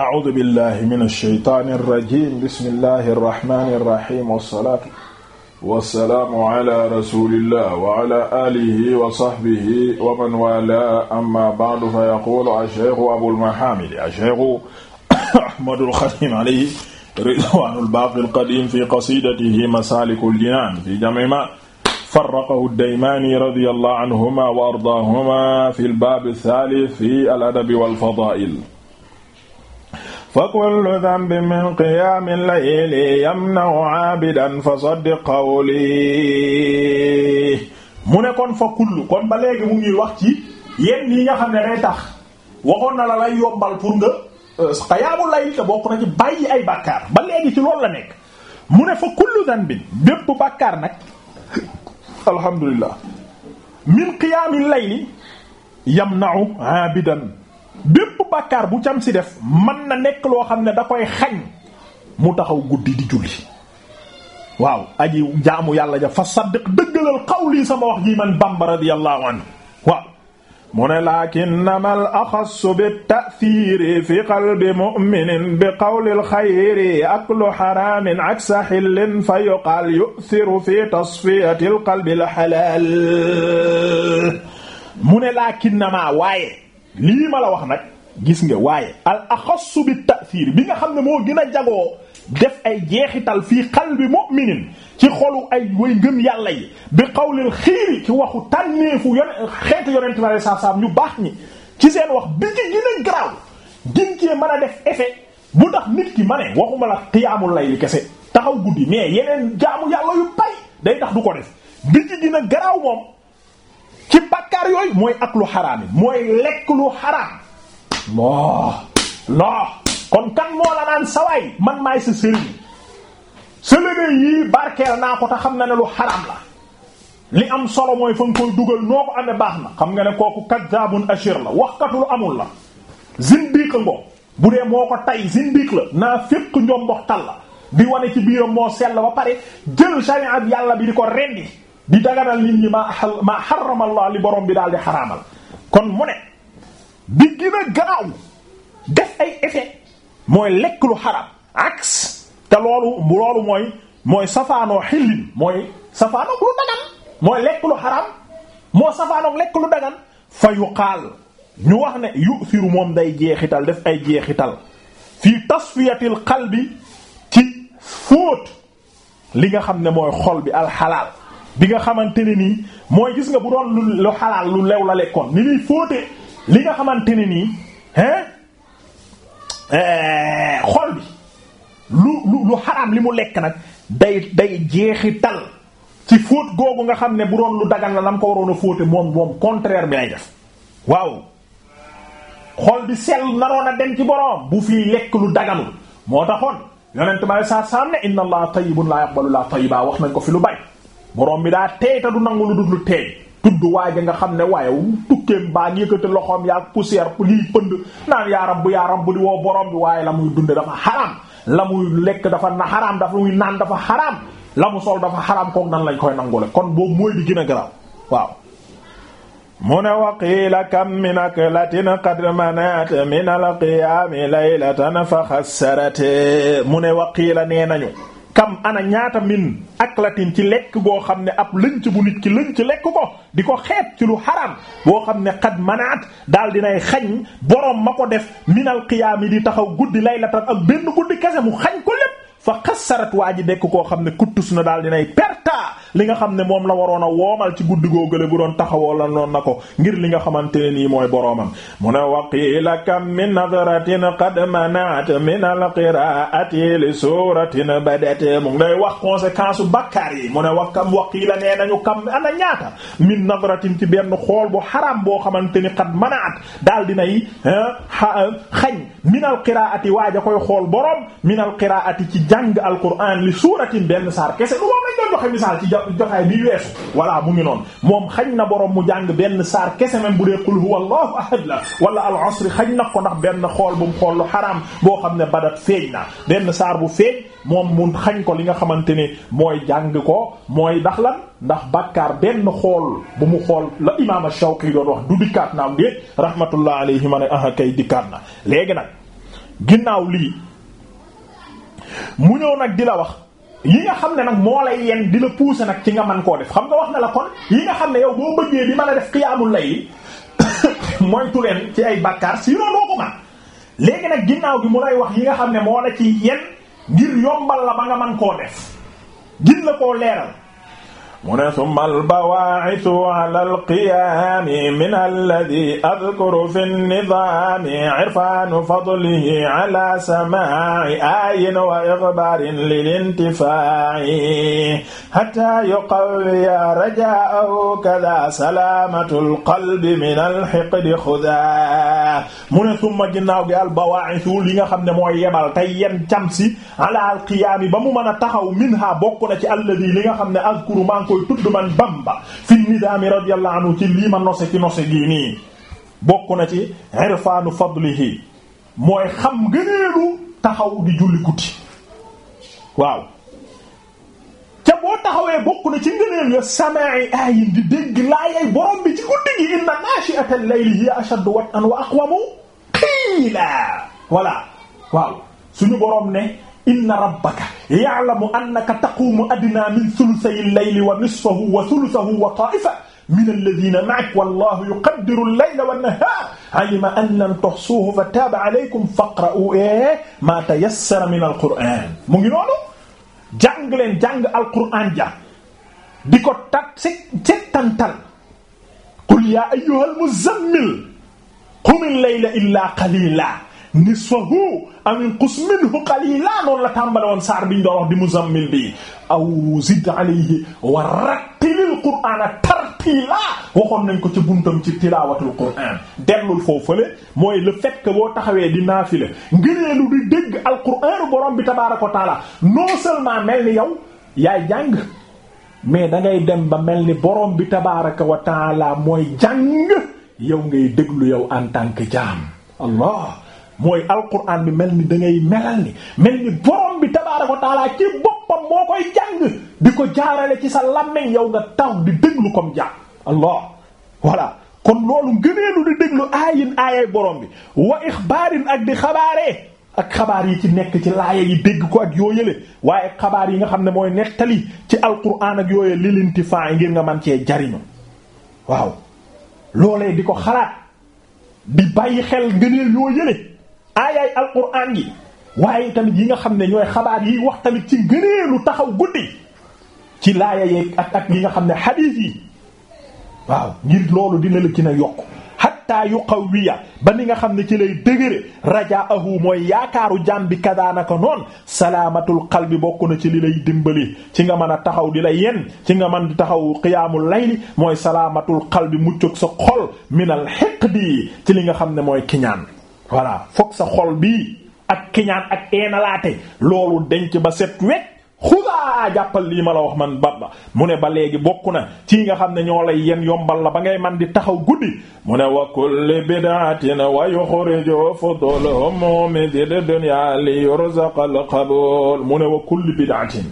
a'uudu billahi mina shaytaani rajiim bismillahi rahmaani rahiim wassalaatu wassalaamu ala rasulillah wa ala aalihi wa sahbihi wa man waalaahu amma ba'du fa yaquulu ash-shaykhu abul mahaamid ash-shaykhu ahmadul xadiim alayhi ridwaanul baaqil qadiim fi qasiidatihi masaalikul jinaan fi jam'i maa farraqahu ad-Daymaani radiyallahu anhumaa wa ardaahumaa fil baab ath-thaalith fi al-adab wal fadaa'il fa kullu dambin min qiyaamil layli yamna'u aabidan fa saddiq qawli mu ne kon fa kullu kon ba léegi mu ngi wax ci yenn yi nga xam ne day tax waxoon na la lay yombal pour nga euh, qiyaamul layli te bokk na ci bàyyi ay bàkkaar ba léegi ci loolu la nekk mu ne fa kullu dambin bépp bàkkaar nag alhamdulillah min qiyaamil layli yamna'u aabidan bépp bàkkaar bu cam si def man na nekk loo xam ne da koy xañ mu taxaw guddi di julli waaw aji jaamu yàlla ja fa saddiq dëggalal qawli sama wax ji man bamba radiyallahu anhu waaw mu ne lakinnama al bi ta'thiri fi qalbi mu'minin bi qawlil xayri aklu xaramin aksa xillin fa yuqaal yu'thiru fi tasfiyati al qalbi mu ne lakinnama waaye lii ma wax nag gis nga waaye al axassu bi ta'thir bi nga xam ne moo gën a jagoo def ay jeexital fii qalbi mu'minin ci xolu ay way ngëm yàlla yi bi qawlil xiiri ci waxu tànneefu yone xeetu yonent bi alei satu ñu baax ñi ci seen wax bi ci gën a garaaw gin cee mën a def effet bu ndax nit ki ma ne waxuma la xiyaamul lay li kese taxaw guddi mais yeneen jaamu yàlla yu bay day tax du ko def bi ci gën a garaaw moom ci bàkkaar yooyu mooy ak lu xaraam yi mooy lekk lu loo loo kon kan moo la naan sawaay man maay sa sëriñ sëlëgëy yii barkeel naa ko te xam na ne lu xaram la li am solo mooy fa nga koy dugal noo ko amee baax na xam nga ne kooku kaddaabun ashir la waxkatu lu amul la zindiq ngo bu dee moo ko tay zindiq la naa féq njombox tal la di wane ci biiram moo sell ba pare jël shariat yàlla bi di ko rendi di daganal nit ñi ma ma xaramallah li borom bi daal di xaraamal kon mu ne bi gën a def ay effet mooy lekk lu xaram aks te loolu loolu mooy mooy safaanoo xillin mooy safaanoog lu dagan mooy lekk lu xaram moo safaanoog lekk lu dagan fa yuqaal ñu wax ne yu'thiru moom day jeexital def ay jeexital fii tasfiyatil qalbi ci fóot li nga xam ne mooy xol bi alxalaal bi nga xamante ne nii mooy gis nga bu doon lu xalaal lu lew la lekkoon ni muy fóote li nga xamante ne nii hein eh, xol bi lu lu lu xaraam li mu lekk nag day day jeexi jeexital ci fóot googu nga xam ne bu doon lu dagan la nam ko waroon a fóote moom moom contraire bi lay def waaw xool bi sell naroon a dem ci boroom bu fii lekk lu daganul moo taxoon yonent ma saa saam ne inna allaha tayyibun la yaqbalu la tayyiba wax nañ ko fi lu bay boroom bi daa teey te du nangu lu dul lu teey tudd waaja nga xam ne waaye tukkeem baa ngi yëkkati loxoom yaa poussière liy pënd naan yaaram bu yaaram bu di woo borom bi waaye la muy dunde dafa xaraam la muy dafa na dafa muy naan dafa xaraam la mu sol dafa xaraam kook nan lañ koy nangule kon boobu mooy di gën a garaaw waaw mu ne waqiila kam min aklatin qad manat min alqiyaami laylatan fa xassarat mu ne waqiila nee nañu kam ana ñaata min aklatin ci lekk goo xam ne ab lënc bu nit ki lënc lekk ko di ko xeet ci lu xaram boo xam ne xad manaat daal dinay xañ borom ma ko def minal qiyaam yi di taxaw guddi lay laylatan ak benn guddi kese mu xañ ko lépp fa xassarat waa ji nekk koo xam ne kuttus na daal dinay perta li nga xam ne moom la waroon a woomal ci guddi googale bu doon taxawoo la noon na ko ngir li nga xamante ne nii mooy boroomam mu ne waqila kam min nadratin qad manat min alqiraati li suratin badat mu ngi lay wax conséquence bàkkaar yi mu ne wax kam waqila nee nañu kam ana ñaata min nadratin ci benn xool bu xaram boo xamante ni qad manat daal dinay eh, xañ min alqiraati waaja koy xool boroom min alqiraati ci jàng alquran li suuratin benn saar kese lu moom lañ doon joxe misaal ci joxaay bi weesu voilà mu ngi noon moom xañ na boroom mu jàng benn saar kese même bu dee qul huwa allahu ahad la wala al asri xañ na ko ndax benn xool bu mu xool lu xaraam boo xam ne badat feeñ na benn saar bu feeñ moom mun xañ ko li nga xamante ne mooy jàng ko mooy ndax lan ndax bakkaar benn xool bu mu xool la imaam Shawqi doon wax du dikkaat naam déet rahmatullah alayhi ma ne aha na léegi nag mu ñëw nag di la wax yi nga xam ne nag moo lay yen di la pousser nag ci nga man koo def xam nga wax na la kon yi nga xam ne yow boo bëggee bi ma a def xiyaamul layl moytu leen ci ay bàkkaar sinon doo ko man léegi nag ginnaaw gi mu lay wax yi nga xam ne moo la ci yen ngir yombal la ba nga man koo def gin la koo leeral mu ne summa albawaacisu ala alqiyaami min alladi adkuru fi nnidaami irfaanu fadlihi ala samaaci aayin wa ixbaarin lilintifaaci hatta yuqawiya rajaahu kada salaamatu alqalbi min alxiqdi xudaa mu ne summa ginnaaw gi albawaacisu li nga xam ne mooy yebal tey yen camsi ala alqiyaami ba mu mën a taxaw minha bokk na ci alladi li nga xam ne adkuru koy tudd man Bamba fi nidaami radiyallahu anhu ci lii ma nose ci nose bokk na ci irfaanu fadlihi mooy xam ngëneelu taxaw di julli guddi waaw ca boo taxawee bokk na ci ngëneel ya samaa'i aayin di dégg laayay borom bi ci guddi gi inna naashi'ata al-layli hiya ashaddu wat'an wa aqwamu qiila voilà waaw suñu borom ne inna rabbaka ya'lamu annaka taqumu adna min thuluthayi al-layli wa nisfahu wa thuluthahu wa ta'ifa min alladhina ma'aka wallahu yuqaddiru al-layla wan-nahara 'alima an lan tuhsuhu fataba 'alaykum faqra'u eh, ma tayassara min al-qur'an mu ngi noonu jàng leen jàng al-qur'an ja di ko tat settantal qul ya ayyuhal muzammil qumil layla illa qalila nisfahu amin qus minhu qalila noonu la tàmbali woon saar biñ doon wax di muzammil bi aw zid alayhi wa rattilil qur'ana tartila waxoon nañ ko ci buntam ci tilaawatul qur'an dellul foofale mooy le fait que boo taxawee di naafile ngëneelu di dégg al qur'an borom bi tabaaraka wa taala non seulement mel ni yow yaay jàng mais da ngay dem ba mel ni borom bi tabaaraka wa mooy jàng yow ngay déglu yow en tant que jaam allah mooy alquran bi mel ni dangay ngay melal ni mel ni borom bi tabaaraka wa taala ci boppam moo koy jàng di ko jaarale ci sa làmmeñ yow nga taw di déglu comme jàng allah voilà kon loolu ngëneelu di déglu aayin aayay borom bi wa ixbaarin ak di xabaaree ak xabaar yi ci nekk ci laaya yi dégg ko ak yoo yële waaye xabaar yi nga xam ne mooy nettali ci alquran ak yooye lilintifaa ngir nga man cee jariñu waaw loolee di ko xalaat di bàyyi xel ngëneel yoo aayaay alquran yi waaye tamit yi nga xam ne ñooy xabaar yi wax tamit ci ngëneelu taxaw guddi ci laaya yeeg ak ak yi nga xam ne xadiis yi waaw ngir loolu dina la gën a yokk hatta yuqawiya ba ni nga xam ne ci lay dëgëre rajaahu mooy yaakaaru jaam bi kadaanaka noon salaamatul qalbi bokk na ci li lay dimbali ci nga mën a taxaw di la yen ci nga mën di taxaw qiyaamul layli mooy salaamatul qalbi muccug sa xol minal hiqdi ci li nga xam ne mooy kiñaan voilà foog sa xol bii ak kiñaan ak eenalaate loolu denc ba set wet xudaa jàppal lii ma la wax man ba ba mu ne ba léegi bokk na ci nga xam ne ñoo lay yen yombal la ba ngay man di taxaw guddi mu ne wa kulli bid'atin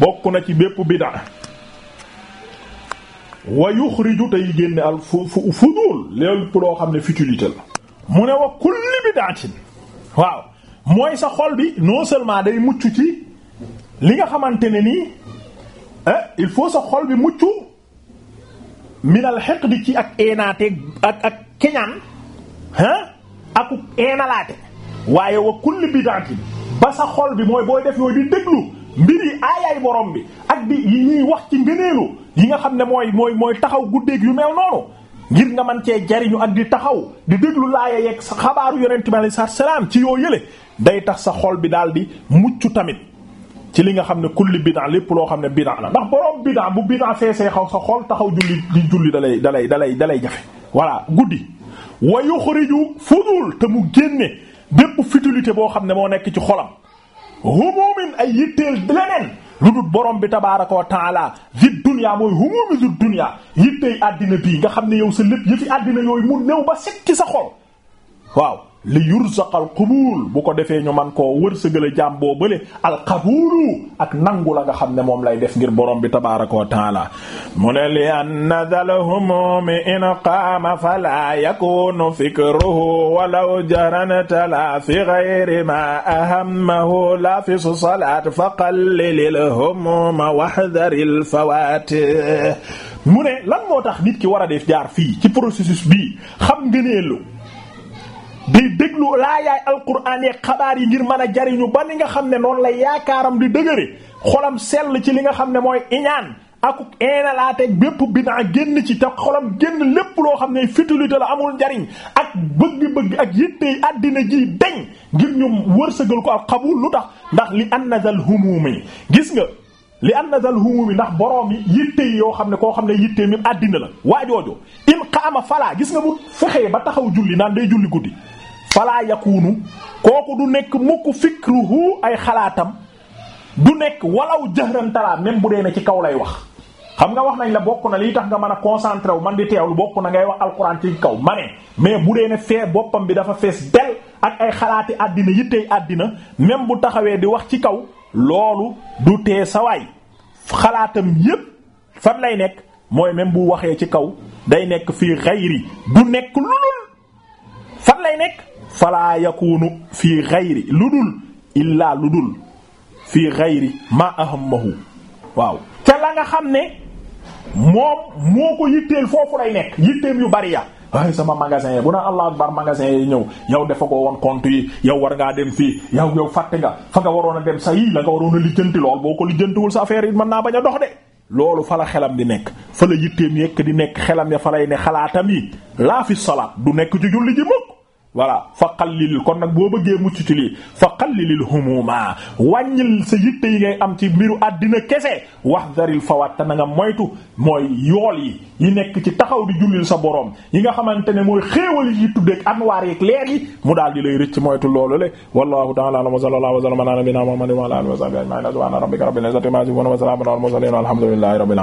bokk na ci bépp bid'a wa yuxriju tey génne al fu fu fudul lépp loo xam ne futilité la mu ne wa kulli bid'atin waaw mooy sa xol bi non seulement day mucc ci li nga xamante ne nii eh, il faut sa xol bi mucc minal xeq di ci ak eenaate ak ak keñaan ak aku eenalaate waaye wa kulli bid'atin ba sa xol bi mooy booy def yooyu di déglu mbir yi aayaay borom bi ak bi yi ñuy wax ci ngëneelu yi nga xam ne mooy mooy mooy taxaw guddeeg yu mel noonu ngir nga man cee jariñu ak di taxaw di déglu laaya yeeg sa xabaaru yonent bi alayhi salaam ci yoo yële day tax sa xol bi daal di mucc tamit ci li nga xam ne kulli bid'a lépp loo xam ne bid'a la ndax borom bid'a bu bid'a feesee xaw sa xol taxaw julli di julli dalay dalay dalay dalay jafe voilà guddi wa yuxriju fudul te mu génne bépp futilité boo xam ne moo nekk ci xolam humoomin ay yitteel leneen lu dul borom bi tabaaraka wa taala dunya mooy humumisu dunya yittey àddina bii nga xam ne yow sa lépp yëfi àddina yooyu mu néew ba set ci sa xol waaw li yursaqal xubul bu ko defee ñu man koo wërsëgale jaam boo bële alqabuulu ak nangu la nga xam ne moom lay def ngir borom bi tabaraka wa taala mu ne li anna dal humumi in qaama fala yakunu fikruhu walaw jaranata la fi ghayri ma ahammahu la fi salat fa qallilil humuma wahdharil fawaatih mu ne lan moo tax nit ki war a def jaar fii ci processus bii xam ngëneelu di déglu laa yaay alquran yeeg xabaar yi ngir mën a jariñu ba li nga xam ne noonu la yaakaaram di dëgëre xolam sell ci li nga xam ne mooy iñaan akuk eenalaateeg bépp bidaa génn ci te xolam génn lépp loo xam ne futilité la amul njariñ ak bëgg-bëgg ak yittey àddina ji deñ ngir ñu wërsëgal ko ak xabul lu tax ndax li annazal humumi gis nga li annazal humumi ndax boroom yi yittey yoo xam ne koo xam ne yittee mi àddina la waajoojo in qaama falaa gis nga bu ba taxaw julli naan day julli guddi falaa yakunu kooku du nekk mukk fikruhu ay xalaatam du nekk walaw jëxrantalaa même bu dee ne ci kaw lay wax xam nga wax nañ la bokk na lii tax nga mën a concentré wu man di teewlu bokk na ngay wax alxuraan ci kaw ma mais bu dee ne fee boppam bi dafa fees del ak ay xalaati àddina yittey àddina même bu taxawee di wax ci kaw loolu du tee sawaay xalaatam yépp fan lay nekk mooy même bu waxee ci kaw day nekk fii xayri du nekk lulul fan lay nekk fala yakunu fii xayri lu dul illaa lu dul fii xayri ma ahammahu waaw te la nga xam ne moom moo ko yitteel foofu lay nekk yitteem yu bari ya ay sama magasin yi bu na allah akbar magasin yi ñëw yow dafa ko woon compte yi yow war ngaa dem fii yow yow fàtte nga fa nga waroon a dem sa yii la nga waroon a lijjanti lool boo ko lijjantiwul sa affaire yi mën naa bañ a dox de loolu fa la xelam di nekk fa la yitteem yekk di nekk xelam ya fa lay ne xalaatam yi fi salaat du nekk ci julli ji voilà fa qallil kon nag boo bëggee mucc ci lii fa qallilil humuma wàññil sa yitte yi ngay am ci mbiru àddina kese wahdharil fawat te na nga moytu mooy yool yi yi nekk ci taxaw di jullil sa borom yi nga xamante mooy xéewal yi tuddeeg anwaar yeeg leer yi mu daal di lay rëcc moytu loolu le wallahu ta'ala wa sallallahu wa sallama ala nabina muhammadin wa ala alihi wa sahbihi ajma'in subhana rabbika rabbil izzati ma yasifun wa salamun alal mursalin walhamdulillahi rabbil